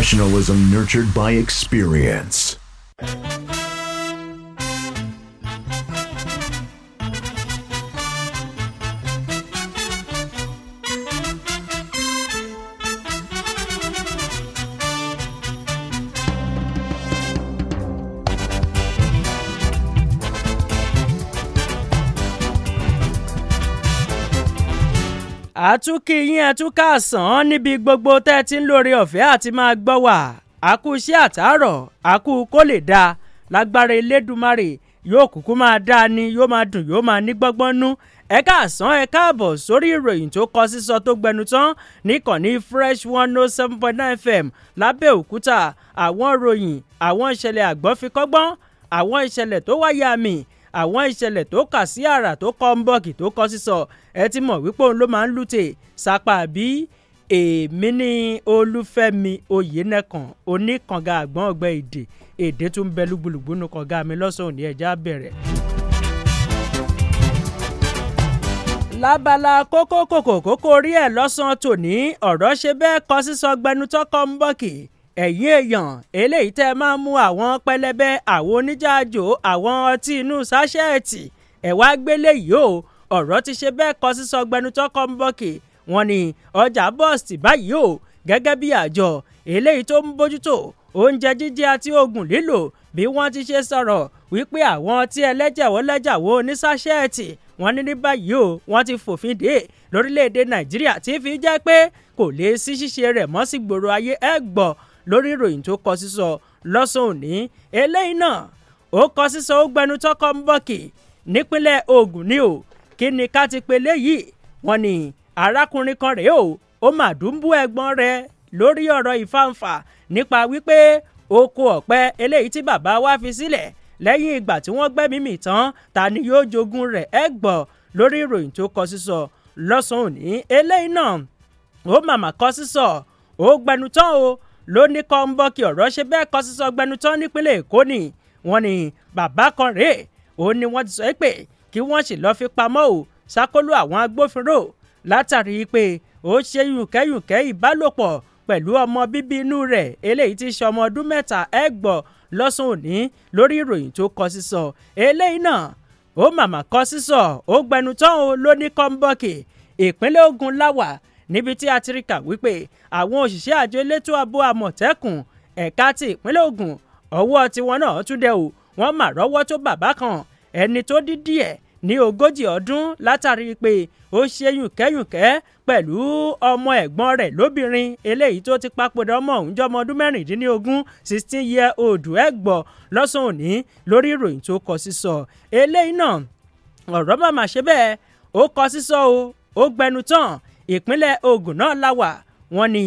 professionalism nurtured by experience. àtúnkì yín ẹtúkà sàn níbi gbogbo tẹ́ ẹ ti ń lóore ọ̀fẹ́ àti máa gbọ́ wà àkú iṣẹ́ àtàárọ̀ àkú kó lè dáa lágbára elédùnmarè yóò kúkú máa dáa ni yóò máa dùn yóò máa ní gbọ́ngbọ́n nú ẹ káàsán ẹ káàbọ̀ sórí ìròyìn tó kọ sísọ tó gbẹnu tán níkànnì fresh one oh seven point nine fm lábẹ́òkúta àwọn ròyìn àwọn ìṣẹ̀lẹ̀ àgbọ́nfikọ́gbọ́n àwọn ìṣẹ̀lẹ̀ tó wáyé àmì àwọn ìṣẹ̀lẹ̀ tó kà sí àrà tó kọ́ ń bọ̀kì tó kọ sísọ ẹ ti mọ̀ wípé òun ló máa ń lùtè sápá àbí èmi ní olúfẹ́mi oyènẹ́kan oníkànga àgbọ̀n ọ̀gbẹ́ èdè èdè tún bẹ lúgbúlùgbú nu kànga mi lọ́sàn-án ní ẹja bẹ̀rẹ̀. lábala kókó kòkò kókó orí ẹ̀ lọ́sàn-án tòní ọ̀rọ̀ ṣe bẹ́ẹ̀ kọ sísọ gbẹnutọ́kọ́ ń bọ̀ kì í ẹ̀yin èèyàn eléyìí tẹ́ máa mú àwọn pẹlẹbẹ àwọn oníjàjò àwọn ọtí inú sáṣẹ́ẹ̀tì ẹ̀ wá gbélé yìí o ọ̀rọ̀ ti ṣe bẹ́ẹ̀ kọ sísọ gbẹnutọ́ kọ́ńbọ́ọ̀kì wọ́n ní ọjà bọ́ọ̀sì báyìí o gẹ́gẹ́ bí àjọ eléyìí tó ń bójútó oúnjẹ jíjẹ àti oògùn lílò bí wọ́n ti ṣe sọ̀rọ̀ wípé àwọn tí ẹlẹ́jàwọ́ lẹ́jàwọ́ oníṣàṣẹ́ẹ̀tì wọ́n ní ní báyìí o wọ́n ti fòfin dè lórílẹ̀‐èdè nàìjíríà tí fi jẹ́ pé kò lè sí ṣíṣe rẹ̀ mọ́ sí gbòòrò ayé ẹ̀ gbọ́ lórí ìròyìn tó kọ sísọ lọ́sàn òní eléyìí náà ó kọ sísọ ó gbẹnu tọkọ ń bọ̀kì nípínlẹ̀ Ògùn ni o kí ni ká ti pe léyìí wọ́n ní arákùnrin kan rèé o ó mà dùnbú ẹ̀gbọ́n rẹ̀ lórí ọ̀rọ̀ ìfàǹfà nípa wípé oko ọ̀pẹ eléyìí tí bàbá wa fi sílẹ̀ lẹ́yìn ìgbà tí wọ́n gbẹ́mí mì tán ta ni yóò jogun rẹ̀ ẹ gbọ́ lórí ìròyìn tó kọ sísọ lọ́sàn-án òní eléyìí náà ó màmá kọ sísọ ó gbẹnu o ló ní kọ́ ń bọ́ kí ọ̀rọ̀ ṣe bẹ́ẹ̀ kọ sísọ gbẹnu tán èkó ni wọ́n ní bàbá kan rèé òun ni wọ́n ti sọ pé kí wọ́n sì lọ́ọ́ fi pamọ́ ò sákólú àwọn agbófinró látàrí pé ó ṣe yùnkẹ́yùnkẹ́ ìbálòpọ̀ pẹ̀lú ọmọ bíbí inú rẹ̀ eléyìí ti ṣe ọmọ ọdún mẹ́ta ẹgbọ̀ lọ́sùn òní lórí ìròyìn tó kọ sísọ eléyìí náà ó màmá kọ sísọ ó gbẹnu ló ní kọ́ńbọ́ọ̀kì ìpínlẹ̀ Ògùn láwà níbi tí a ti rí kà wípé àwọn òṣìṣẹ́ àjọ elétò ààbò àmọ̀tẹ́kùn ẹ̀ka ti ìpínlẹ̀ Ògùn ọwọ́ tiwọn náà tún dẹ o wọ́n mà rọ́wọ́ tó bàbá kan ẹni tó dín díẹ̀ ní ogójì ọdún látàrí pé ó ṣe yùnkẹ́yùnkẹ́ pẹ̀lú ọmọ ẹ̀gbọ́n rẹ̀ lóbìnrin eléyìí tó ti papòdà ọmọ ọ̀hún jọmọ ọdún mẹ́rìndínlógún sixteen year old ẹ̀gbọ́ lọ́sàn òní lórí ìròyìn tó kọ sísọ eléyìí náà ọ̀rọ̀ màmá ṣe bẹ́ẹ̀ ó kọ sísọ o ó gbẹnu tán ìpínlẹ̀ Ògùn náà la wà wọ́n ní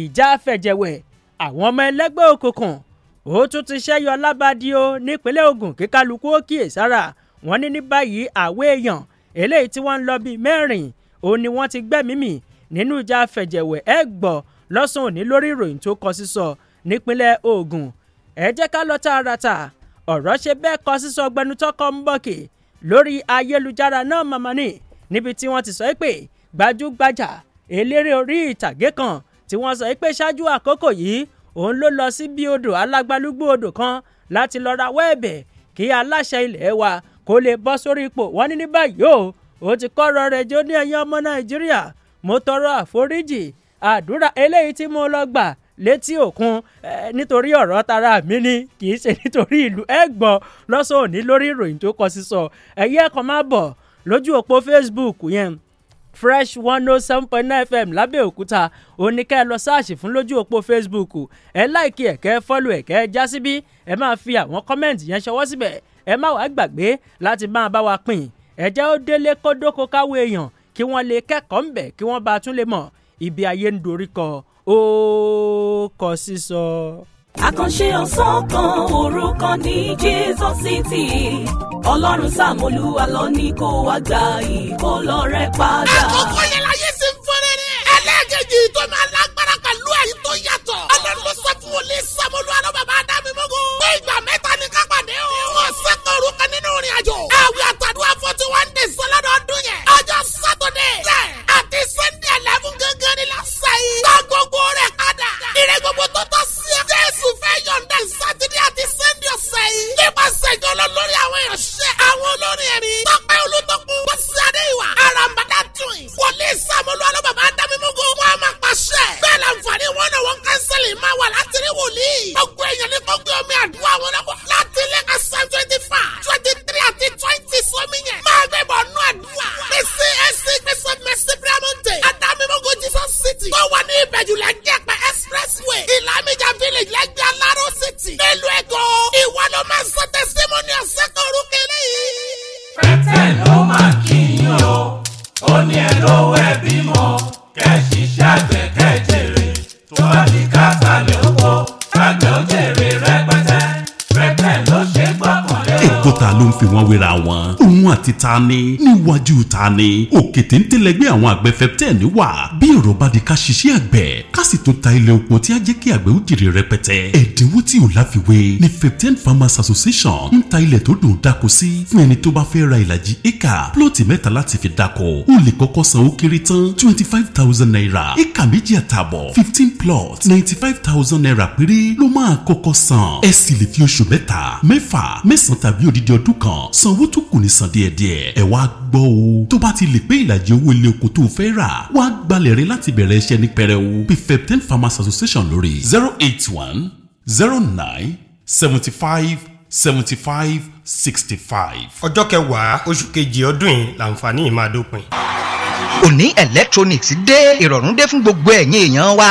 ìjà fẹ̀jẹ̀wẹ̀ àwọn ọmọ ẹlẹ́gbẹ́ òkùnkùn ó tún ti ṣẹ́yọ lábàdí o nípínlẹ̀ Ògùn kíkálukú ó kíyè sára wọ́n ní ní báyìí àwọ èèyàn eléyìí tí wọ́n ń lọ bíi mẹ́rin òun ni wọ́n ti gbẹ́mìí nínú ìjà fẹ̀jẹ̀wẹ̀ ẹ gbọ́ lọ́sàn òní lórí ìròyìn tó kọ sísọ nípínlẹ̀ Ògùn ẹ jẹ́ ká lọ tààràtà ọ̀rọ̀ ṣe bẹ́ẹ̀ kọ sísọ gbẹnutọ́kọ ń bọ̀kì lórí ayélujára náà màmá ni níbi tí wọ́n ti sọ pé gbajúgbajà eléré orí ìtàgé kan tí wọ́n sọ pé ṣáájú àkókò yìí òun ló lọ síbi odò alágbálúgbó odò kan láti lọ rawọ́ ẹ̀bẹ̀ kí aláṣẹ ilẹ̀ wa kó lè bọ́ sórí ipò wọ́n ní ní báyìí o ó ti kọ́rọ̀ rẹ̀ jó ní ẹ̀yìn ọmọ nàìjíríà mo tọrọ àforíjì àdúrà eléyìí tí mo lọ gbà létí òkun nítorí ọ̀rọ̀ tara mi ni kì í ṣe nítorí ìlú ẹ̀gbọ́n lọ́sọ̀ òní lórí ìròyìn tó kọ sí sọ ẹ̀yẹ́ kan má bọ̀ lójú òpó Facebook yẹn fresh one oh seven point nine fm lábẹ́òkúta òní kẹ́ ẹ lọ sáàṣì fún lójú òpó facebook ẹ láìkí ẹ̀ kẹ́ ẹ fọ́lù ẹ̀ kẹ́ ẹ já síbí ẹ máa fi àwọn kọ́mẹ́ǹtì yẹn ṣọwọ́ síbẹ̀ ẹ má wàá gbàgbé láti máa bá wa pín ẹ jẹ́ ó délé kódóko káwé èèyàn kí wọ́n lè kẹ́kọ̀ọ́ ń kí wọ́n bá a tún lè mọ̀ ibi ayé ń dorí kọ ó kọ sísọ. àkànṣe ọ̀sán kan òru kan ní Jésù City ọlọ́run sàmúlùwà lọ ní kó wá gba ìkólọ rẹ padà. àkókò yẹn la yé sí fúnni rẹ. ẹlẹ́ẹ̀kejì tó máa lágbára pẹ̀lú àyè tó yàtọ̀. ọlọ́run ló sọ fún wòlíì sàmúlùwà lọ bàbá adámi mọ́gò. pé ìgbà mẹ́ta ni ká pàdé o. wọ́n sẹ́kọ̀ orúkọ nínú ìrìn àjò. àwẹ̀ àtàdúrà forty one days sọlọ́dọọdún yẹn. ọjọ́ sátọ̀dẹ̀ àti sẹ́ndẹ̀ lẹ́mú gángan ni lásán pásítọ̀ ìjọ olórí àwọn ìránṣẹ́ àwọn olórin ẹ̀rí tọ́pẹ́ olùtọ́kùn bọ́sí adéyìwá arambada tún wọlé sàmúlò alọ́bàbà adámímúgo wọn a máa pàṣẹ bẹ́ẹ̀ lànfààní wọn náà wọn kánsẹ́lì máa wà látìrí wòlíì ọgbẹ́ ìyẹn ní àti ta ni níwájú ta ni òkè téńtélẹ́gbẹ́ àwọn àgbẹ̀fẹ́ tẹ̀ ní wà bí ọ̀rọ̀ bá di ká ṣiṣẹ́ àgbẹ̀ ká sì tún ta ilẹ̀ oko tí á jẹ́ kí àgbẹ̀ ó jèrè rẹpẹtẹ ẹ̀dínwó tí ò láfiwé ni fifteen farmers association ń ta ilẹ̀ tó dùn dáko sí fún ẹni tó bá fẹ́ ra ìlàjì éka plọ̀tì mẹ́ta láti fi dáko ó lè kọ́kọ́ san ó kéré tán twenty five thousand naira éka méjì àtààbọ̀ fifteen plots ninety five thousand naira péré ló máa kọ́kọ́ san ẹ sì lè fi oṣù mẹ́ta mẹ́fà mẹ́sàn-án tàbí odidi ọdún kan sanwó tó kù ní san díẹ̀díẹ̀ ẹ̀ wá gbọ́ o tó bá ti lè pé ìlàjì owó ilé oko tó fẹ́ rà wá gbalẹ̀ rẹ láti bẹ̀rẹ̀ iṣẹ́ ní pẹrẹwu bí fepten farmers association lórí zero eight one zero nine seventy five seventy five sixty five. ọjọ́ kẹwàá oṣù kejì ọdún yìí làǹfààní yìí máa dópin. òní electronics dé ìrọ̀rùn dé fún gbogbo ẹ̀yin èèyàn wa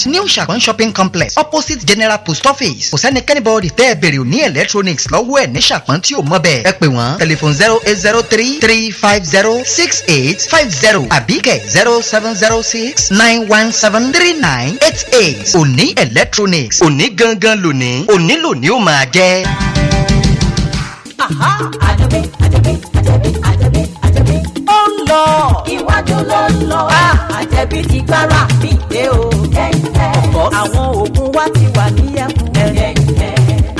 at new Ṣàpọ́n shopping complex opposite general post office kò sẹ́nikẹ́ni bọ́ọ̀dì tẹ́ ẹ bèrè ní electronics lọ́wọ́ ẹ̀ ní Ṣàpọ́n tí ò mọ̀ bẹ́ẹ̀ ẹ pè wọ́n telephone zero eight zero three three five zero six eight five zero àbíkẹ́ zero seven zero six nine one seven three nine eight eight òní electronics òní gangan lónìí òní lónìí ó máa jẹ́. àjọbí àjọbí àjọbí àjọbí àjọbí ó ń lọ iwájú ló ń lọ ah, àjẹbí ti gbára bí because àwọn oògùn wa ti wà ní ẹ̀kúnrẹ́rẹ́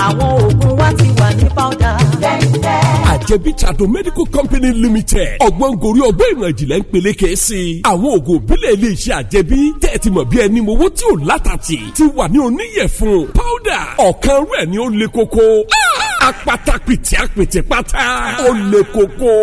àwọn oògùn wa ti wà ní powder. Àjẹbí Trado Medical Company Limited ọgbọ́n gorí ọgbọ́n ìmọ̀ ìjìnlẹ̀ ń peléke sí i. Àwọn oògùn òbílẹ̀ ilé iṣẹ́ àjẹbí tẹ̀ ti mọ̀ bí ẹni mowó tí ò látàtì ti wà ní oníyẹ̀fun powder ọ̀kan rẹ̀ ni ó le koko. Ah! apata pìtì apìtì pata. ó le koko.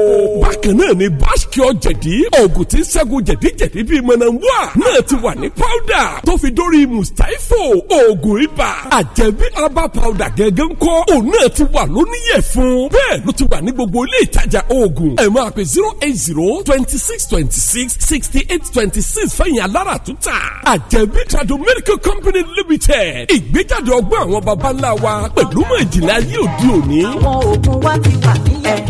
bákan náà ni báṣkì ọ̀jẹ̀dí oògùn tí ṣẹ́gun jẹ̀díjẹ̀dí bíi mọ̀nàmúà náà ti wà ní pọ́dà tó fi dórí mustapho oògùn ibà àjẹbí herbal powder gẹ́gẹ́ ń kọ́ òun náà ti wà lóníyẹ̀ fún. bẹ́ẹ̀ ló ti wà ní gbogbo ilé ìtajà oògùn ẹ máa pè zero eight zero twenty six twenty six sixty eight twenty six fẹ̀yìn alára tuta àjẹbí tradu medical company limited ìgbéjáde ọgbọ́n àwọn baba wa pẹ̀lú mọ̀ ìjìnlẹ̀ ayé òdu òní. àwọn oògùn wa ti wà nílẹ̀.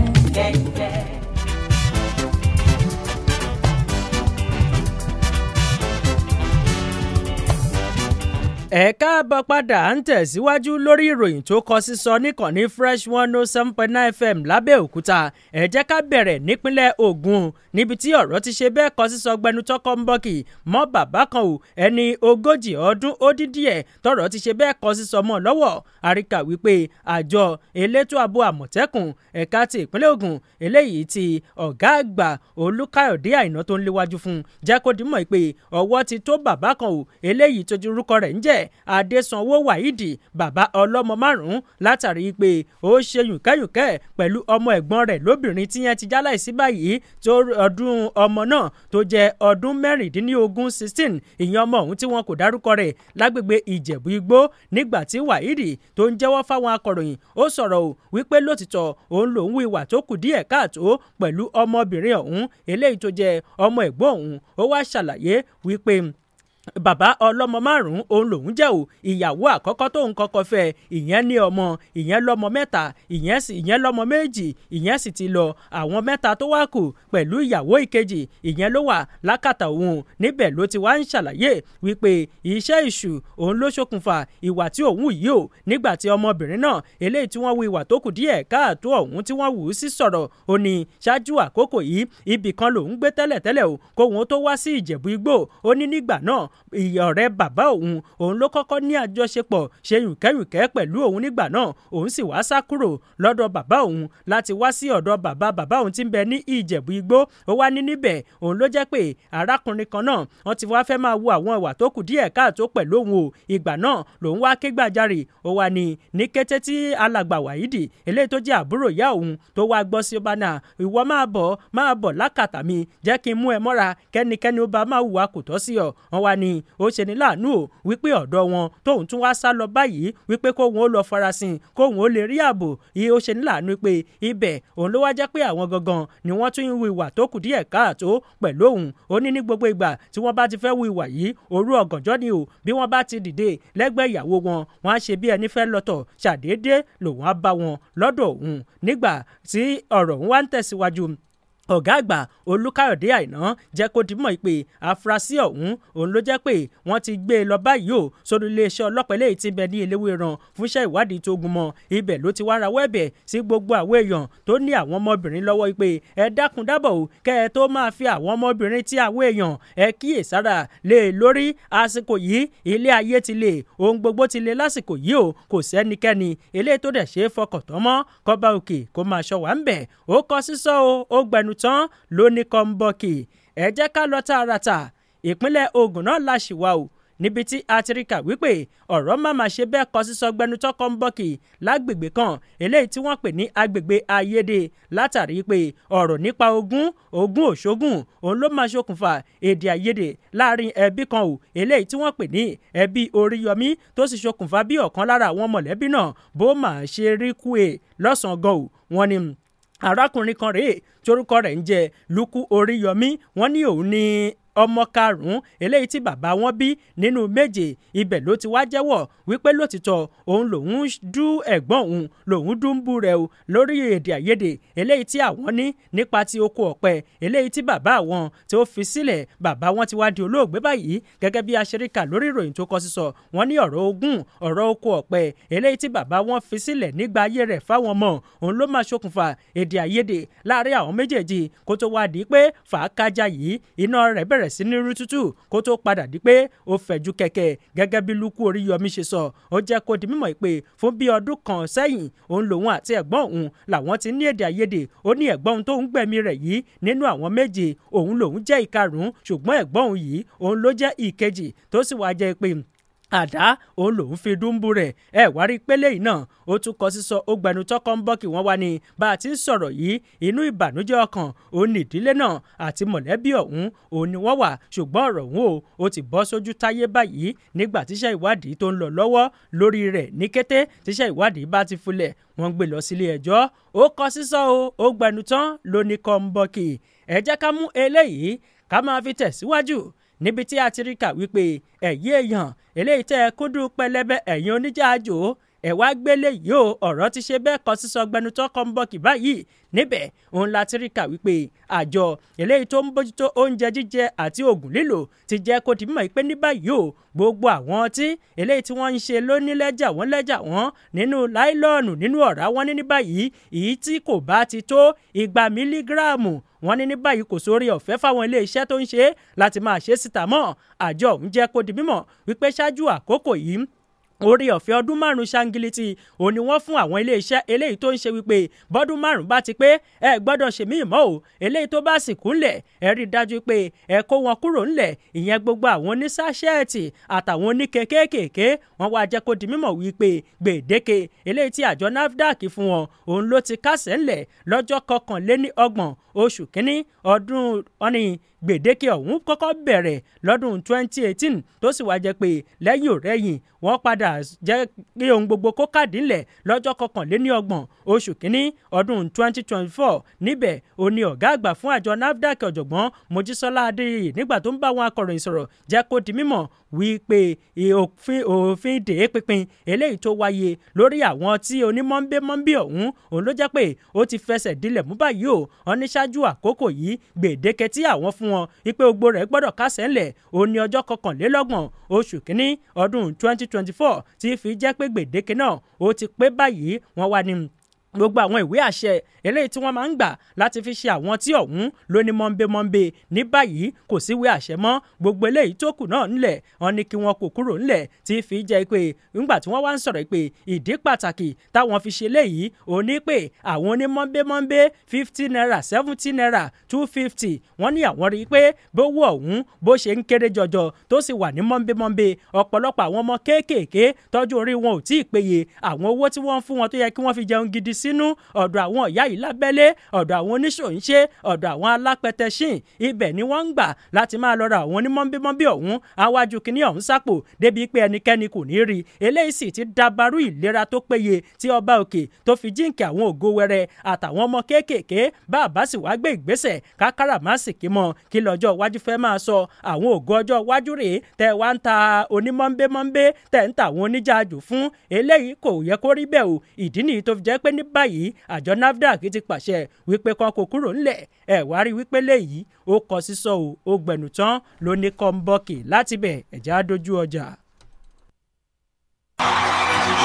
ẹ káàbọ̀ padà à ń tẹ̀síwájú lórí ìròyìn tó kọ sísọ níkànnì fresh one oh seven point nine fm lábẹ́òkúta ẹ jẹ́ ká bẹ̀rẹ̀ nípínlẹ̀ Ògùn níbi tí ọ̀rọ̀ ti ṣe bẹ́ẹ̀ kọ sísọ gbẹnutọ́kọ́ ń bọ́kì mọ́ bàbá kan ò ẹni ogójì ọdún ó dín díẹ̀ tọ̀rọ̀ ti ṣe bẹ́ẹ̀ kọ sísọ mọ́ lọ́wọ́ àríkà wípé àjọ elétò ààbò àmọ̀tẹ́kùn ẹ̀ka ti ìpínlẹ̀ ogun eléyìí ti ọ̀gá àgbà Olúkáyọ̀dé Àìná tó ń léwájú fún jẹ́ kó dìímọ̀ pé ọwọ́ ti tó bàbá kan ò eléyìí tójú orúkọ rẹ̀ ń jẹ́ bẹ́ẹ̀ adésanwó wáídì bàbá ọlọ́mọ látàrí pé ó ṣe yùnkẹ́yùnkẹ́ pẹ̀lú ọmọ ẹ̀gbọ́n rẹ̀ lóbìnrin tíyẹn ti já láìsí báyìí tó ọdún ọmọ náà tó jẹ́ ọdún mẹ́rìndínlógún sixteen ìyẹn ọmọ ọ̀hún tí wọn kò dárúkọ rẹ̀ lágbègbè ìjẹ̀bú igbó nígbà tí wáídì tó ń jẹ́wọ́ fáwọn akọ̀ròyìn ó sọ̀rọ̀ o wípé lótìtọ́ òun lòún wu tó kù díẹ̀ káàtó pẹ̀lú ọmọbìnrin ọ̀hún eléyìí tó jẹ́ ọmọ ẹ̀gbọ́n òun ó wá ṣàlàyé wípé bàbá ọlọ́mọ márùn-ún òun lòún jẹ́ o ìyàwó àkọ́kọ́ tóun kọ́kọ́ fẹ́ ìyẹn ní ọmọ ìyẹn lọ́mọ mẹ́ta ìyẹn sì ìyẹn lọ́mọ méjì ìyẹn sì ti lọ àwọn mẹ́ta tó wá kù pẹ̀lú ìyàwó ìkejì ìyẹn ló wà lákàtà òun níbẹ̀ ló ti wá ń ṣàlàyé wípé iṣẹ́ ìṣù òun ló ṣokùnfà ìwà tí òun yìí o nígbà tí ọmọbìnrin náà eléyìí tí wọ́n wu ìwà tó kù díẹ̀ káàtó ọ̀rẹ́ bàbá òun òun ló kọ́kọ́ ní àjọṣepọ̀ ṣe yùnkẹ́yùnkẹ́ pẹ̀lú òun nígbà náà òun sì wá sá kúrò lọ́dọ̀ bàbá òun láti wá sí ọ̀dọ̀ bàbá bàbá òun tí ń bẹ ní ìjẹ̀bú igbó ó wá ní níbẹ̀ òun ló jẹ́ pé arákùnrin kan náà wọ́n ti wá fẹ́ máa wo àwọn ìwà tó kù díẹ̀ káàtó pẹ̀lú òun o ìgbà náà lòun wá ké gbàjarè ó wá ní ní kété tí alàgbà wàyídì eléyìí ni ó ṣe ní láàánú o wípé ọ̀dọ́ wọn tóun tún wá sá lọ báyìí wípé kóun ó lọ farasin kóun ó lè rí ààbò yìí ó ṣe ní láàánú pé ibẹ̀ òun ló wá jẹ́ pé àwọn gangan ni wọ́n tún ń ìwà tó kù díẹ̀ káàtó pẹ̀lú òun ó ní ní gbogbo ìgbà tí wọ́n bá ti fẹ́ hu ìwà yìí òru ọ̀gànjọ́ ni o bí wọ́n bá ti dìde lẹ́gbẹ̀ẹ́ ìyàwó wọn wọ́n á ṣe bí ẹni fẹ́ lọ́tọ̀ ṣàdédé lòun á bá wọn lọ́dọ̀ òun nígbà tí ọ̀rọ̀ òun wá ń tẹ̀síwájú ọ̀gá àgbà olùkàyọ̀dé àìná jẹ́ kó di mọ̀ pé ọ̀hún òun ló jẹ́ pé wọ́n ti gbé e lọ báyìí o sórí iléeṣẹ́ ọlọ́pàá eléyìí ti bẹ ní eléwéran fúnṣẹ́ ìwádìí tó gúnmọ́ ibẹ̀ ló ti wá rawọ́ ẹ̀bẹ̀ sí gbogbo àwọn èèyàn tó ní àwọn ọmọbìnrin lọ́wọ́ pé ẹ dákun dábọ̀ o kẹ́ ẹ tó máa fi àwọn ọmọbìnrin tí àwọn èèyàn ẹ kíyè sára lé e lórí ti le ohun ti le lásìkò yìí o kò sẹ́nikẹ́ni eléyìí tó dẹ̀ ṣe é fọkàn tán mọ́ kọ́ba òkè kó máa ṣọ wà ń tán ló ní kọ́ńbọ́ọ̀kì ẹ jẹ́ ká lọ tààràtà ìpínlẹ̀ Ògùn náà la ṣì wà o níbi tí a ti rí kà wípé ọ̀rọ̀ màmá ṣe bẹ́ẹ̀ kọ sísọ gbẹnutọ́ kọ́ńbọ́ọ̀kì lágbègbè kan eléyìí tí wọ́n pè ní agbègbè ayéde látàrí pé ọ̀rọ̀ nípa ogún ogún òṣogún òun ló máa ṣokùnfà èdè àìyedè láàrin ẹbí kan ò eléyìí tí wọ́n pè ní ẹbí oríyọmí tó sì ṣokùnfà bí ọ̀kan lára àwọn mọ̀lẹ́bí náà bó máa ṣe rí kú e lọ́sàn-án gan ò wọ́n ní arákùnrin kan rèé torúkọ rẹ̀ ń jẹ́ lukú oríyọmí wọ́n ní òun ní ọmọ karùn-ún eléyìí tí bàbá wọn bí nínú méje ibẹ̀ ló ti wá jẹ́wọ́ wípé lótìtọ́ òun lòun dú ẹ̀gbọ́n òun lòun dún bú rẹ̀ o lórí èdè àìyedè eléyìí tí àwọn ní nípa ti oko ọ̀pẹ eléyìí tí bàbá wọn tí ó fi sílẹ̀ bàbá wọn ti wá di olóògbé báyìí gẹ́gẹ́ bí aṣeríkà lórí ìròyìn tó kọ sísọ wọn ní ọ̀rọ̀ ogún ọ̀rọ̀ oko ọ̀pẹ eléyìí tí bàbá wọn fi sílẹ̀ nígbà ayé rẹ̀ fáwọn ọmọ òun ló máa ṣokùnfà èdè àìyedè láàárín àwọn méjèèjì kó tó wá di pé fàákájà yìí iná rẹ̀ bẹ̀rẹ̀ bẹ̀rẹ̀ sí ní rí kó tó padà di pé ó fẹ̀jú kẹ̀kẹ́ gẹ́gẹ́ bí lukú oríyọmí ṣe sọ ó jẹ́ kó di mímọ̀ pé fún bí ọdún kan sẹ́yìn òun lòun àti ẹ̀gbọ́n òun làwọn ti ní èdè àìyedè ó ní ẹ̀gbọ́n òun tó ń gbẹ̀mí rẹ̀ yìí nínú àwọn méje òun lòun jẹ́ ìkarùn-ún ṣùgbọ́n ẹ̀gbọ́n òun yìí òun ló jẹ́ ìkejì tó sì wáá jẹ́ pé àdá òun lòun fi dúńbú rẹ̀ ẹ wá rí pélé yìí náà ó tún kọ sísọ ó gbẹnu tọkọ ń bọ kí wọn wá ní bá a ti ń sọ̀rọ̀ yìí inú ìbànújẹ́ ọkàn òun ní ìdílé náà àti mọ̀lẹ́bí ọ̀hún òun ni wọ́n wà ṣùgbọ́n ọ̀rọ̀ ọ̀hún o ó ti bọ́ sójú táyé báyìí nígbà tíṣẹ́ ìwádìí tó ń lọ lọ́wọ́ lórí rẹ̀ ní kété tíṣẹ́ ìwádìí bá ti fúlẹ̀ wọ́n gbé lọ sílé ẹjọ́ ó kọ sísọ o ó gbẹnu tán ló ní kọ́ńbọ́ọ̀kì ẹ jẹ́ ká mú eléyìí ká máa fi tẹ̀síwájú níbi tí a ti rí kà wípé ẹ̀yí èèyàn eléyìí tẹ́ ẹ kúndùn pẹlẹbẹ ẹ̀yin oníjàájò ẹ wá gbélé yìí o ọ̀rọ̀ ti ṣe bẹ́ẹ̀ kọ sísọ gbẹnutọ́ kọ́ńbọ̀kì báyìí níbẹ̀ òun la ti rí kà wípé àjọ eléyìí tó ń bójútó oúnjẹ jíjẹ àti oògùn lílò ti jẹ́ kó di mímọ̀ pé ní báyìí o gbogbo àwọn ọtí eléyìí tí wọ́n ń ṣe lóní lẹ́jà wọ́n lẹ́jà wọ́n nínú láìlọ́ọ̀nù nínú ọ̀rá wọn ní ní báyìí èyí tí kò bá ti tó igba mílígíráàmù wọ́n ní ní báyìí kò sórí ọ̀fẹ́ fáwọn iléeṣẹ́ tó ń ṣe láti máa ṣe síta mọ́ àjọ òun jẹ́ kó di mímọ̀ wípé ṣáájú àkókò yìí orí ọ̀fẹ́ ọdún márùn-ún ṣáńgìlìtì òun wọ́n fún àwọn iléeṣẹ́ eléyìí tó ń ṣe wípé bọ́dún márùn-ún bá ti pé ẹ gbọ́dọ̀ ṣèmí ìmọ̀ o eléyìí tó bá sì kú ńlẹ̀ ẹ rí i dájú pé ẹ kó wọn kúrò ńlẹ̀ ìyẹn gbogbo àwọn oníṣáṣẹ́ẹ̀tì àtàwọn oníkekékèké wọn wá jẹ́ kó di mímọ̀ wípé gbèdéke eléyìí tí àjọ NAFDAC fún wọn òun ló ti kásẹ̀ ńlẹ̀ lọ́jọ́ kọkànléní ọgbọ̀n oṣù kínní ọdún ọ̀nì gbèdéke ọ̀hún kọ́kọ́ bẹ̀rẹ̀ lọ́dún 2018 tó sì wá jẹ́ pé lẹ́yìn òrẹ́yìn wọ́n padà jẹ́ kí ohun gbogbo kó kàdí ńlẹ̀ lọ́jọ́ kọkànléníọgbọ̀n oṣù kínní ọdún 2024 níbẹ̀ ó ní ọ̀gá àgbà fún àjọ NAFDAC ọ̀jọ̀gbọ́n Mojísọ́lá Adéyẹyẹ nígbà tó ń bá àwọn akọ̀ròyìn sọ̀rọ̀ jẹ́ kó di mímọ̀ wípé òfin dèé pinpin eléyìí tó wáyé lórí àwọn tí onímọ̀nbẹ́mọ̀nbẹ́ ọ̀hún òun ló jẹ́ pé ó ti fẹsẹ̀ dilẹ̀ mú báyìí o ọ ní ṣáájú àkókò yìí gbèdéke tí àwọn fún fún wọn wípé gbogbo rẹ̀ gbọ́dọ̀ kásẹ̀ ńlẹ̀ òun ní ọjọ́ kọkànlélọ́gbọ̀n oṣù kínní ọdún 2024 tí fi jẹ́ pé gbèdéke náà ó ti pé báyìí wọ́n wá ní gbogbo àwọn ìwé àṣẹ eléyìí tí wọ́n máa ń gbà láti fi ṣe àwọn tí ọ̀hún ló ní ní báyìí kò síwé àṣẹ mọ́ gbogbo eléyìí tó kù náà ńlẹ̀ wọn ni kí wọn kò kúrò ńlẹ̀ tí fi jẹ́ pé ńgbà tí wọ́n wá ń sọ̀rọ̀ pé ìdí pàtàkì táwọn fi ṣe léyìí òun pé àwọn onímọ́ńbémọ́ńbé fifty naira seventy naira two fifty wọ́n ní àwọn rí i pé bówó ọ̀hún bó ṣe ń kéré jọjọ tó sì wà ní mọ́ńbémọ́ńbé ọ̀pọ̀lọpọ̀ àwọn ọmọ kéékèèké tọ́jú orí wọn ò tí ì péye àwọn owó tí wọ́n fún wọn tó yẹ kí wọ́n fi jẹun gidi sínú ọ̀dọ̀ àwọn ìyá yìí lábẹ́lé ọ̀dọ̀ àwọn oníṣòǹṣe ọ̀dọ̀ àwọn alápẹ̀tẹ̀ṣìn ibẹ̀ ni wọ́n ń gbà láti máa lọ ra àwọn onímọ̀nbímọ̀nbí ọ̀hún awájú kínní ọ̀hún sápò débi pé ẹnikẹ́ni kò ní rí eléyìí sì ti dàbàrú ìlera tó péye tí ọba òkè tó fi jíǹkì àwọn ògo wẹrẹ àtàwọn ọmọ kéékèèké bá àbá sì wá gbé ìgbésẹ̀ kákàrà má sì kí mọ kí lọ́jọ́ iwájú fẹ́ máa sọ àwọn ògo ọjọ́ iwájú rèé tẹ́ wá ń ta onímọ̀nbímọ̀nbí tẹ́ ń ta àwọn oníjàjò fún eléyìí kò yẹ kó rí bẹ́ẹ̀ o ìdí nìyí tó fi jẹ́ pé ní báyìí àjọ nafdac Sàràkí ti pàṣẹ wípé kán kó kúrò ńlẹ̀ ẹ̀ wá rí wípé léyìí ó kọ sísọ o ó gbẹ̀nù tán ló ní kọ́ńbọ́ọ̀kì láti bẹ̀ ẹ̀já dojú ọjà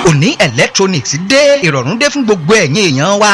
òní electronics dé ìrọ̀rùn dé fún gbogbo ẹ̀yin èèyàn wa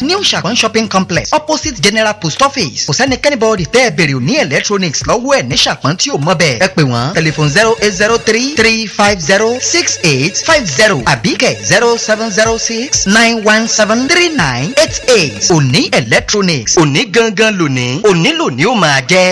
new Shagun shopping complex opposite general post office kò sẹ́nikẹ́ni bọ́ọ̀dì tẹ́ ẹ bèrè ní electronics lọ́wọ́ ẹ̀ ní Shagun tí o mọ̀ bẹ́ẹ̀ ẹ pè wọ́n telephone zero eight zero three three five zero six eight five zero àbíkẹ́ zero seven zero six nine one seven three nine eight eight òní electronics òní gangan lónìí òní lónìí ó máa jẹ́.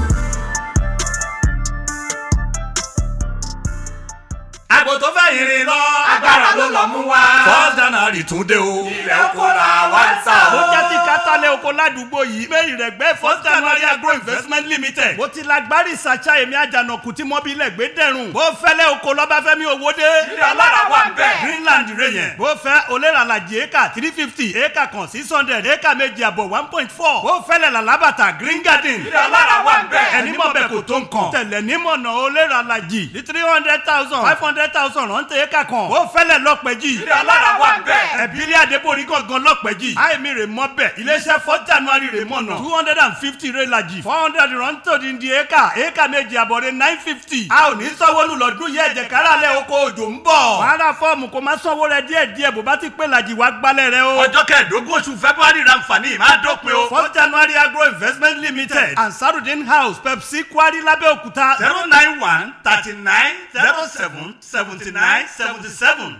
ìrìn lọ. agbára ló lọ mú wa. first january tún dé o. ilẹ̀ oko la wá ń sá o. ó jẹ́ ti kátàlẹ̀ oko ládùúgbò yìí ìwé ìrẹ̀gbẹ́ first january agro investment limited. mo ti lágbárí ìsàchá èmi àjànàkù tí mọ́bílẹ̀ gbé dẹ̀rùn. bó fẹ́lẹ́ oko lọ́báfẹ́mi owó dé. ilé alára wà bẹ́ẹ̀. greenland rẹ yẹn. bó fẹ́ olérànlájì éka three fifty éka kan six hundred éka méjì àbọ̀ one point four. bó fẹ́lẹ̀ làlábàtà green garden. ilé alára wà bẹ́ẹ̀. ẹni mọ̀ bẹ́ẹ̀ kò tó nǹkan. tẹ̀lẹ̀ nímọ̀nà olérànlájì ní three hundred thousand five hundred thousand sante eka kan. ó fẹ́lẹ̀ lọ́pẹ́jì. ilé alára wà bẹ́ẹ̀. ẹ̀bílẹ̀ adébórí gangan lọ́pẹ́jì. àìmí rè mọ́ bẹ́ẹ̀. iléeṣẹ́ fọ́ january rè mọ́ náà. two hundred and fifty rẹ́lajì. four hundred rántòdì di eka eka méje àbọ̀rẹ́ nine fifty. a ò ní sanwó nù lọ́dún yẹ ẹ̀jẹ̀ káràlẹ̀ oko òjò ń bọ̀. wàhálà fọ́ọ̀mù kò má sanwó rẹ díẹ̀ díẹ̀ bó bá ti pé lajì wá gbalẹ̀ rẹ o. ọjọ́ kẹẹ̀ẹ́dógún oṣù february 977.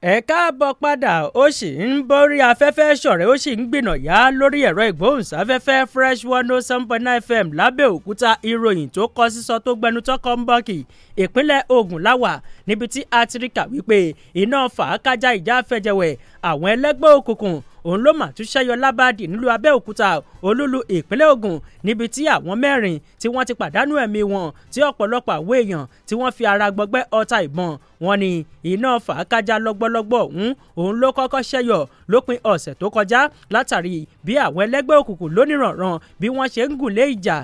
ẹ káàbọ̀ padà ó sì ń borí afẹ́fẹ́ ṣọ̀rẹ́ ó sì ń gbìnàyà lórí ẹ̀rọ ìgbóhùnsáfẹ́fẹ́ fresh one oh seven point nine fm lábẹ́òkúta ìròyìn tó kọ sísọ tó gbẹnu tọkọ ń bọ́ọ̀kì ìpínlẹ̀ ogun láwà níbi tí a ti rí kà wípé iná fàákájà ìjà fẹjẹwẹ̀ àwọn ẹlẹ́gbẹ́ òkùnkùn òun ló mà tún ṣẹ́yọ lábàdì nílùú Abẹ́òkúta olúlu ìpínlẹ̀ Ògùn níbi tí àwọn mẹ́rin tí wọ́n ti pàdánù ẹ̀mí wọn tí ọ̀pọ̀lọpọ̀ àwọn èèyàn tí wọ́n fi ara gbọgbẹ́ ọta ìbọn wọ́n ní iná fàákájà lọ́gbọ́lọ́gbọ́ ọ̀hún òun ló kọ́kọ́ ṣẹ́yọ lópin ọ̀sẹ̀ tó kọjá látàrí bí àwọn ẹlẹ́gbẹ́ òkùnkùn lónìrànràn bí wọ́n ṣe ń gùn lé ìjà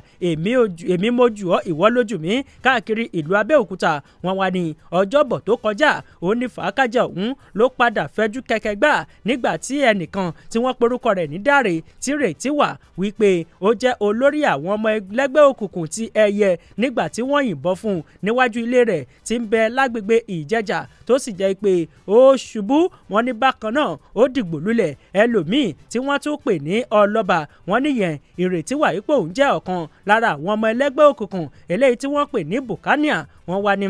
èmi mojú ọ ìwọ lójú mi káàkiri ìlú Abẹ́òkúta wọ́n wá ní ọjọ́bọ̀ tó kọjá òun ní fàákájà ọ̀hún ló padà fẹjú kẹ̀kẹ́ gbà nígbà tí ẹnìkan tí wọ́n porúkọ rẹ̀ ní Dáre tí retí wà wípé ó jẹ́ olórí àwọn ọmọ ẹlẹ́gbẹ́ òkùnkùn ti ẹyẹ nígbà tí wọ́n yìnbọn fún níwájú ilé rẹ̀ tí ń bẹ lágbègbè ìj ìjẹjà tó sì jẹ́ pé ó ṣubú wọn ní bákan náà ó dìgbò lulẹ̀ ẹlòmíì tí wọ́n tún pè ní ọlọ́ba wọn nìyẹn ìrètí wà wípé òun jẹ́ ọ̀kan lára àwọn ọmọ ẹlẹ́gbẹ́ òkùnkùn eléyìí tí wọ́n pè ní Bukania wọ́n wá ní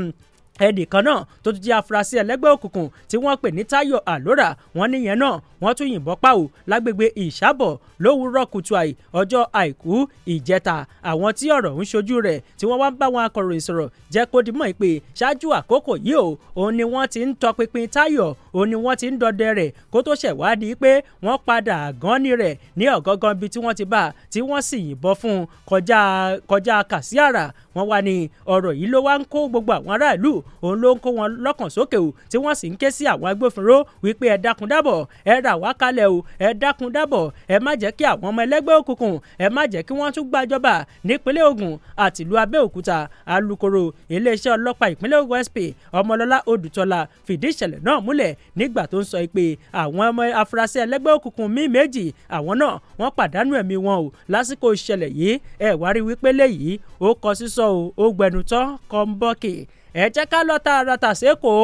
ẹnìkan náà tó tún jẹ́ afurasí ẹlẹ́gbẹ́ òkùnkùn tí wọ́n pè ní Táyọ̀ Àlórà wọ́n níyẹn náà wọ́n tún yìnbọn pa ò lágbègbè Ìṣàbọ̀ lówùúrọ̀ kùtù àì ọjọ́ àìkú ìjẹta àwọn tí ọ̀rọ̀ ń ṣojú rẹ̀ tí wọ́n wá ń bá wọn akọ̀ròyìn sọ̀rọ̀ jẹ́ kó di mọ̀ ṣáájú àkókò yìí o ni wọ́n ti ń tọpinpin Táyọ̀ òun ni wọ́n ti ń dọdẹ rẹ̀ kó tó ṣẹ̀wádìí pé wọ́n padà gan rẹ̀ ní ọ̀gángan ibi tí wọ́n ti bá tí wọ́n sì yìnbọn fún un kọjá kàsíàrà wọ́n wá ní ọ̀rọ̀ yìí ló wá ń kó gbogbo àwọn aráàlú òun ló ń kó wọn lọ́kàn sókè o tí wọ́n sì ń ké sí àwọn agbófinró wípé ẹ dákun dábọ̀ ẹ rà wá kalẹ̀ o ẹ dákun dábọ̀ ẹ má jẹ́ kí àwọn ọmọ ẹlẹ́gbẹ́ òkùnkùn ẹ má jẹ́ kí wọ́n tún gbàjọba nípínlẹ̀ Ògùn àtìlú Abẹ́òkúta alukoro iléeṣẹ́ ọlọ́pàá ìpínlẹ̀ Ògùn SP Ọmọlọ́lá Odùtọ́lá fìdí ìṣẹ̀lẹ̀ náà múlẹ̀ nígbà tó ń sọ pé àwọn ọmọ afurasí ẹlẹ́gbẹ́ òkùnkùn míì méjì àwọn náà wọ́n pàdánù ẹ̀mí wọn o lásìkò ìṣẹ̀lẹ̀ yìí ẹ̀ wá wípé léyìí ó kọ sísọ o ó gbẹnutọ́ kọ́ ń bọ́kì ẹ jẹ́ ká lọ tààràtà sékòó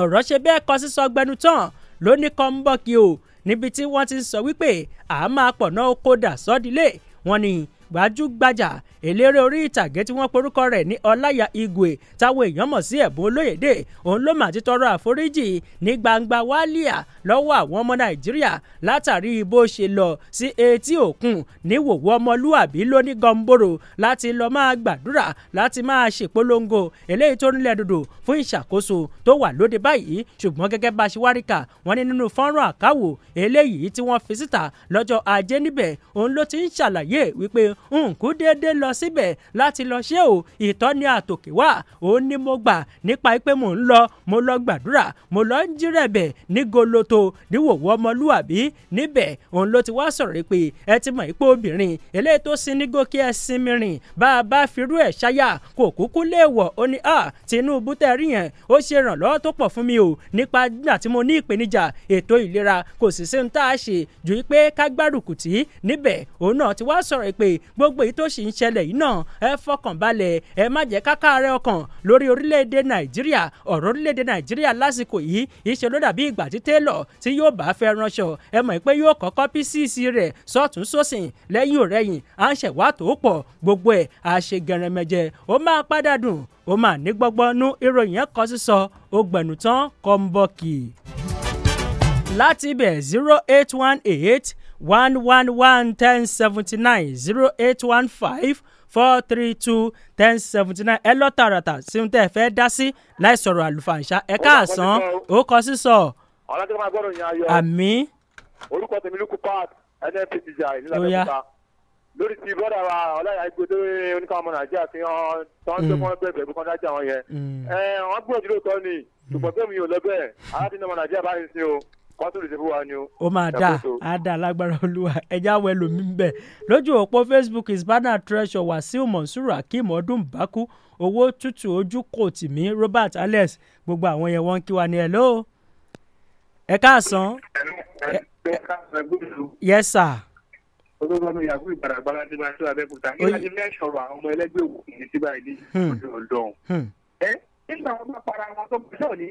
ọ̀rọ̀ ṣe bẹ́ẹ̀ kọ sísọ gbẹnu tán ló ní kọ́ńbọ́ọ̀kì o níbi tí wọ́n ti sọ wípé àá máa pọ̀ náà kódà sọ́dílé wọn ni gbajúgbajà eléré orí ìtàgé tí wọ́n porúkọ rẹ̀ ní ọláyà igwe táwọn èèyàn mọ̀ sí ẹ̀bùn olóyèdè òun ló mà ti tọrọ àforíjì ní gbangba wálíà lọ́wọ́ àwọn ọmọ nàìjíríà látàrí bó ṣe lọ sí etí òkun níwòwò ọmọlúàbí lóní gọmbòrò láti lọ máa gbàdúrà láti máa ṣèpolongo eléyìí tó nílẹ̀ dòdò fún ìṣàkóso tó wà lóde báyìí ṣùgbọ́n gẹ́gẹ́ bá ṣe wáríkà wọ́n ní nínú fọ́nrán àkáwò eléyìí tí wọ́n fi síta lọ́jọ́ ajé níbẹ̀ òun ló ti ń ṣàlàyé wípé n déédé lọ síbẹ̀ láti lọ ṣé o ìtọ́ni àtòkè wà òun ni mo gbà nípa pé mò ń lọ mo lọ gbàdúrà mo lọ ń jírẹ̀bẹ̀ ní goloto níwòwò ọmọlúwàbí níbẹ̀ òun ló ti wá sọ̀rọ̀ pé ẹ ti mọ̀ pé obìnrin eléyìí tó sin ní gòkè ẹ sinmi rìn bá a bá firú ẹ̀ ṣáyà kò kúkú lè wọ̀ ó ní à Tinubu tẹ́ rí yẹn ó ṣe ìrànlọ́wọ́ tó pọ̀ fún mi o nípa àti mo ní ìpèníjà ètò ìlera kò sì sí ohun tá a ṣe ju pé ká gbárùkù tí níbẹ̀ òun náà ti wá sọ̀rọ̀ pé gbogbo èyí tó sì ń ṣẹlẹ̀ yìí náà ẹ fọkàn balẹ̀ ẹ má jẹ́ kákàárẹ̀ ọkàn lórí orílẹ̀-èdè nàìjíríà ọ̀rọ̀ orílẹ̀-èdè nàìjíríà lásìkò yìí ìṣe ló dàbí ìgbà tí télọ̀ tí yóò bá fẹ́ ránṣọ ẹ mọ̀ pé yóò kọ́kọ́ písíìsì rẹ̀ sọ́tún sósìn lẹ́yìn òrẹ́yìn à ń ṣẹ̀wá tó pọ̀ gbogbo ẹ̀ àṣegẹrẹmẹjẹ ó máa padà dùn ó máa ní gbọ́gbọ́nú ìròyìn ẹ̀ sísọ ó gbẹ̀nù láti ibẹ̀ zero eight one eight one one one ten seventy nine zero eight one five four three two ten seventy nine ẹ lọ tààràtà síhun tẹ́ ẹ fẹ́ dá sí láì sọ̀rọ̀ àlùfàǹṣá ẹ káàsán ó kọ sísọ. ọ̀la tí wọ́n máa gbọ́dọ̀ yàn ayọ̀. àmì. orúkọ tèmi lukú park nnpc jai nílẹ̀ mẹ́ta lórí ti bọ́dà wa ọláyà igbodò oníkàwọn ọmọ nàìjíríà fi hàn tán tó kọ́ bẹ́ẹ̀ bẹ́ẹ̀ bí kan dájà wọn yẹn. Mm. ẹ wọ́n gbọ́dọ̀ lóòótọ́ ni mm. ṣùgbọ́n bẹ́ẹ̀ mi ò lọ bẹ́ẹ̀ aláàbí ọmọ nàìjíríà bá ń kọ́tùlù ti fún wa ni o. ó máa dà á dà lágbára olúwa ẹja wẹ lómi ń bẹ lójú òpó facebook hispanic treasure wasiu mansour akeem ọdún bákú owó tútù ojú kò tì mí robert alex gbogbo àwọn yẹn wọ́n ń kí wa ní ẹ lóò. ẹ káàsán. ẹ káàsán gbọ́dọ̀. yes sir olóògbọ́nù tí máa tó abẹ́kúta nígbà tí fẹ́ sọ̀rọ̀ àwọn ọmọ ẹlẹ́gbẹ́ òkùnkùn ní síbà hmm. ìdí ọjọ́ ọdún. Hmm. ẹ nígbà wọn bá para wọn tó bá ní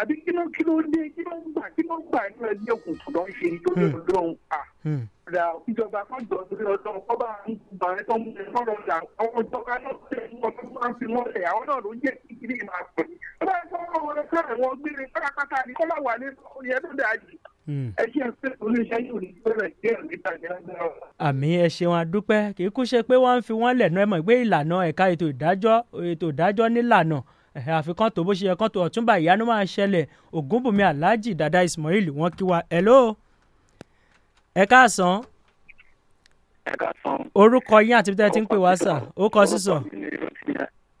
àbí kí ló kí ló dé kí ló ń gbà kí ló ń gbà nínú ẹgbẹ́ òkùnkùn tó ń ṣe tó lè lóhùn à hmm. ra ìjọba kan jọ sí ọdún ọba àgbà rẹ tó ń bẹ fọlọ ọjà àwọn ìjọba náà tẹ ní ọdún tó máa ń fi wọn lẹ àwọn náà ló jẹ kí kiri máa pè é ọba ẹ sọ̀rọ̀ wọn lọ sọ̀rọ̀ wọn gbére pátápátá ni kọlá wà ní ìyẹn tó dáa jù hmm. ẹ ṣe ń pè oníṣẹ́ yóò ní bẹ̀rẹ̀ díẹ̀ níta ní agbára. àmì ẹ ṣeun adúpẹ́ kì í kú ṣe pé wọ́n ń fi wọ́n lẹ̀ náà mọ̀ pé ìlànà ẹ̀ka ètò ìdájọ́ ètò ìdájọ́ nílànà àfikún tó bó ṣe yẹ kán tó ọ̀túnba ìyanu máa ṣẹlẹ̀ ògúnbùnmi alhaji dada ismail wọn kí wa hello ẹ káàsán. ẹ káàsán. orúkọ yín àti bíi tí ń pè wá sà ó kọ sísọ.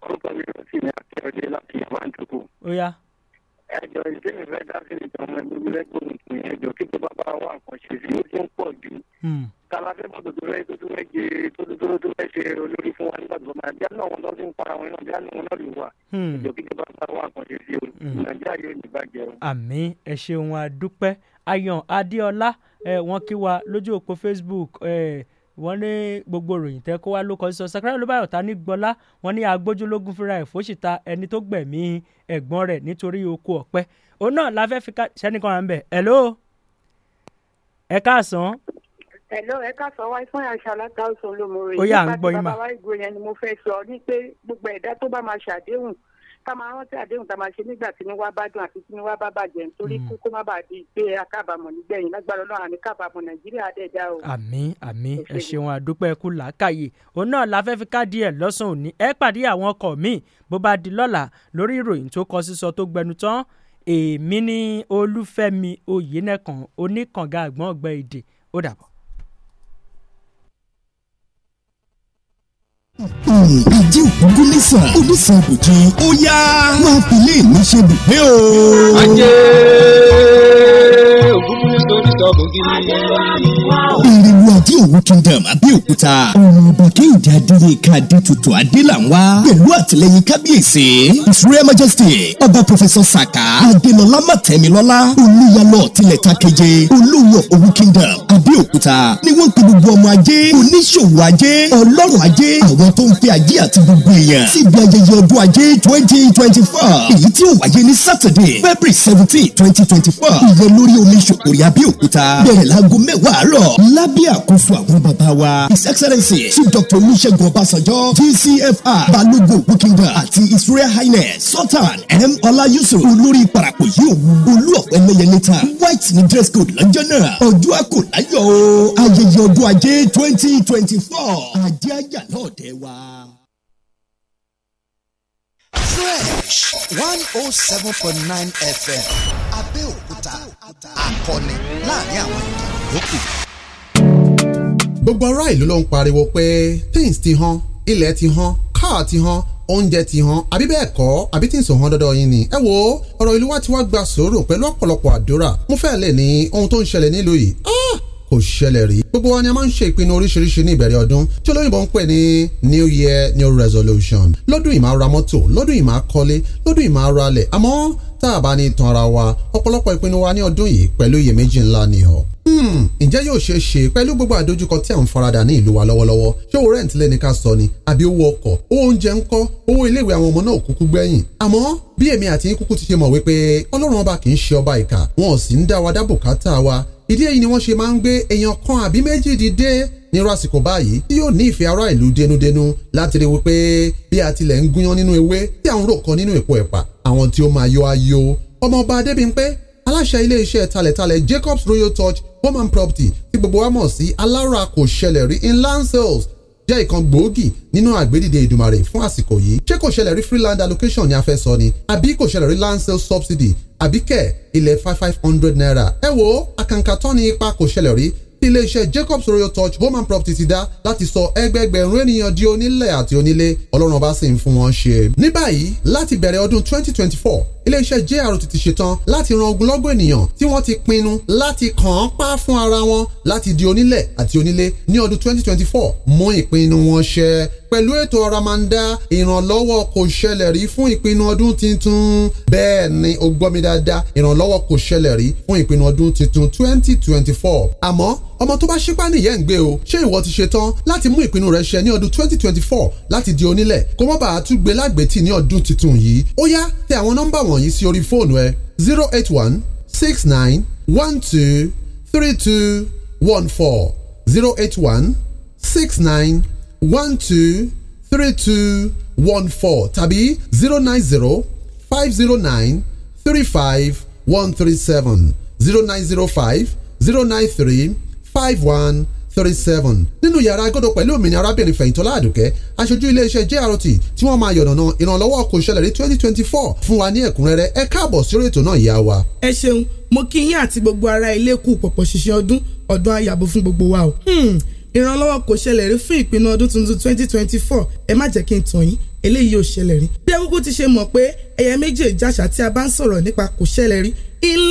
orúkọ mi ò sí ní akérèdé láti yamantoko. ó yá. ẹjọ ìbéèrè rẹ dá sí ìjọba ẹgbẹgbẹgbẹ gbòǹgbò ẹjọ kí tó bá bá wà nǹkan ṣe sí ó ti ń pọ̀ jù. Hmm kálafẹ́ mọ́tò tó fẹ́ tó fẹ́ ṣe tó tó tó fẹ́ ṣe olórí fún wa nígbà tó máa bí àná wọn lọ́sìn para wọn náà bí àná wọn náà lù wá. ìjọ kíjọba bá wà kàn ṣe sí o nàìjíríà yóò ní bàjẹ́ o. àmín ẹ ṣeun adúpẹ́ ayọ̀n adéọlá wọn kí wa lójú òpó facebook wọ́n ní gbogbo ròyìn tẹ́ kó wá ló kọ sí sọ sakara olúbáyọ̀ ta ní gbọ́lá wọ́n ní agbójúlógún fúnra ẹ̀ fòṣìta ẹni tó gbẹ̀mí ẹ̀gbọ́n rẹ̀ nítorí oko ọ̀pẹ òun náà la fẹ́ fi ká sẹ́nìkan à ń bẹ̀ hello ẹ káàsán. Hello, ẹ ká sọ wáyé fún àṣà alákàtúnṣe olómore yìí nípa tí bàbá wáyé gbòòrò yẹn ni mo fẹ́ sọ ní pé gbogbo ẹ̀dá tó bá máa ṣàdéhùn ká máa rántí àdéhùn tá a máa ṣe nígbà tí ní wá bá dùn àti tí ní wá bá bàjẹ́ nítorí mm. kú kó má bàa di pé akábàámọ̀ nígbẹ̀yìn lágbára ọlọ́run àní kábàámọ̀ nàìjíríà dẹ̀dá o. àmín àmín ẹ ṣeun àdúpẹ́ kú làákàyè òun náà la fẹ́ fi káàdì ẹ̀ lọ́sàn òní ẹ pàdé àwọn ọkọ̀ míì bó bá di lọ́la lórí ìròyìn tó kọ sísọ tó gbẹnu tán èmi ní olúfẹ́mi oyinẹ̀kan oníkànga àgbọ̀ngbẹ̀ èdè ó dàbọ̀. ìjẹ́ ògúngún nísàn onísàn àbòjì ó yá wá filé mi ṣe bùgbé o. ajé ògúngún nísàn onísàn àbòjì. Rotterdam Abẹ́òkúta ọ̀rọ̀ba Kẹ́hìndé Adéyẹká Adétutù Adélànwá pẹ̀lú àtìlẹyìn kábíyèsí His Royal Majesty ọba Professor Saka Adélọlá Mọ̀tẹ́milọ́lá Olúyalọ̀ Tilẹ̀ta Keje Olúwo Òwú Kingdom Abẹ́òkúta ni wọ́n pe gbogbo ọmọ ajé oníṣòwò ajé ọlọ́rọ̀ ajé àwọn tó ń pe ajé àti gbogbo èèyàn síbi ayẹyẹ ọdún ajé twenty twenty four èyí tí ó wáyé ní Saturday February seventeen twenty twenty four ìyẹn lórí omi ṣòkòrè Abẹ́òkúta bẹ̀rẹ̀ láago mẹ́wàá àárọ̀ lábẹ́ àkóso fún bàbá wa his excellency chief doctor olùṣègùn ọbásanjọ́ gcfr balógun bukinga àti his royal highness sultan m ọlá yusuf olórí parapọ̀ yìí òun olú ọ̀pẹ lẹ́yẹlé ta white ní dress code lọ́jọ́ náà ọjọ́ àkòláyọ̀ o ayẹyẹ ọdún ajé twenty twenty four ajé ajá náà dé wa. fresh one oh seven point nine fm abẹ́òkúta akọni láàrin àwọn ìtàn yòókù gbogbo ará ìlú ló ń pariwo pé things ti hàn ilẹ̀ ti hàn káà ti hàn oúnjẹ ti hàn àbí bẹ́ẹ̀ kọ́ àbí tí ń sọ hàn dandan yín ni. ẹ wo ọ̀rọ̀ ìlú wa ti wá gba sòrò pẹ̀lú ọ̀pọ̀lọpọ̀ àdúrà mo fẹ́ lè ní ohun tó ń ṣẹlẹ̀ nílùú yìí ah, kò ṣẹlẹ̀ rí. gbogbo wa ni a máa ń ṣe ìpinnu oríṣiríṣi ní ìbẹ̀rẹ̀ ọdún tí olóyìnbó ń pè ní new year new resolution lọ́dún yìí máa ra mọ́tò lọ́dún yìí máa kọ́lé lọ́dún yìí máa ra lẹ̀ àmọ́ tá a bá ní tan ara wa ọ̀pọ̀lọpọ̀ ìpinnu wa ní ọdún yìí pẹ̀lú iyèméjì ńlá ni o Hmm, ǹjẹ́ yóò ṣe é ṣe pẹ̀lú gbogbo àdójúkọ tí à ń faradà ní ìlú wa lọ́wọ́lọ́wọ́ ṣé owó rẹ̀ǹtì lẹ́ni ká sọ ni àbí owó ọkọ̀ owó oúnjẹ ńkọ́ owó iléèwé àwọn ọmọ náà kúkú gbẹ̀yìn àmọ́ bí èmi àti yín kúkú ti ṣe mọ̀ wípé ọlọ́run ọba kì í ṣe ọba ìkà wọn ò sì ń dá wa dá bùkátà wa ìdí èyí ni wọ́n ṣe máa ń gbé èèyàn kan àbí méjì dìde nírú àsìkò báyìí tí yóò ní ìfẹ́ ará ìlú denudenu láti rí wípé bí a tilẹ̀ ń gúnyán nínú ewé tí à rò kan nínú èpo ẹ̀pà àwọn tí ó máa yọ ayọ̀ ọmọ ọba Adébímpé aláṣẹ iléeṣẹ́ talẹ̀talẹ̀ Jacob's Royal Touch home and property tí gbogbo wa mọ̀ sí alára kò ṣẹlẹ̀ rí in land sales jẹ́ ìkan gbòógì nínú àgbédìde ìdùmarè fún àsìkò yìí ṣé kò ṣẹlẹ̀ rí free land allocation ni a fẹ́ sọ ni àbí kò ṣẹlẹ̀ rí land sales subsidy àbí kẹ̀ ilẹ̀ five five hundred naira ẹ wo àkàǹkà tán ni ipa kò ṣẹlẹ̀ rí iléeṣẹ́ Jacobs Royal Touch Home and Property ti dá láti sọ ẹgbẹẹgbẹ̀rún ènìyàn di onílẹ̀ àti onílé ọlọ́run ọba sì ń fún wọn ṣe. ní báyìí láti bẹ̀rẹ̀ ọdún 2024 iléeṣẹ́ Jr. ti ṣetán láti ran ogunlọ́gọ̀ ènìyàn tí wọ́n ti pinnu láti kàn án pa fún ara wọn láti di onílẹ̀ àti onílé ní ọdún 2024 mú ìpinnu wọn ṣẹ pẹ̀lú ètò ọ̀ramandá ìrànlọ́wọ́ kò ṣẹlẹ̀ rí fún ìpinnu ọdún tuntun bẹ́ẹ̀ ni o gbọ́ mi dáadáa ìrànlọ́wọ́ kò ṣẹlẹ̀ rí fún ìpinnu ọdún tuntun 2024 àmọ́ ọmọ tó bá ṣípá nìyẹn ń gbé o ṣé ìwọ ti ṣe tán láti mú ìpinnu rẹ ṣẹ ní ọdún 2024 láti di onílẹ̀ kó má bàa tún gbé lágbètì ní ọdún tuntun yìí ó yá tẹ àwọn nọ́mbà wọ̀nyí sí orí fóònù ẹ 081 69 12 zero nine 081 five 12 32 14 tàbí 090 509 35 137 0905 093 five one thirty seven nínú yàrá gbọdọ̀ pẹ̀lú òmìnira arábìnrin fẹ̀yìntọ́lá àdùkẹ́ aṣojú iléeṣẹ́ JRT tí wọ́n máa yọ̀nàna ìrànlọ́wọ́ kò ṣẹlẹ̀ ní twenty twenty four fún wa ní ẹ̀kúnrẹ́rẹ́ ẹ káàbọ̀ sórí ètò náà ìyá wa. ẹ ṣeun mo kí yín àti gbogbo ara ilé kú pọ̀pọ̀ ṣiṣẹ́ ọdún ọdún ayàbò fún gbogbo wa o. Hmm. ìrànlọ́wọ́ kò ṣẹlẹ̀ rí fún ìpinnu ọdún tuntun twenty twenty four ẹ má jẹ́ kí n tàn yín eléyìí ò ṣẹlẹ̀ rí. bí akókó ti ṣe mọ̀ pé ẹ̀yà méjèèjì àṣà tí a bá ń sọ̀rọ̀ nípa kò ṣẹlẹ̀ rí ńlá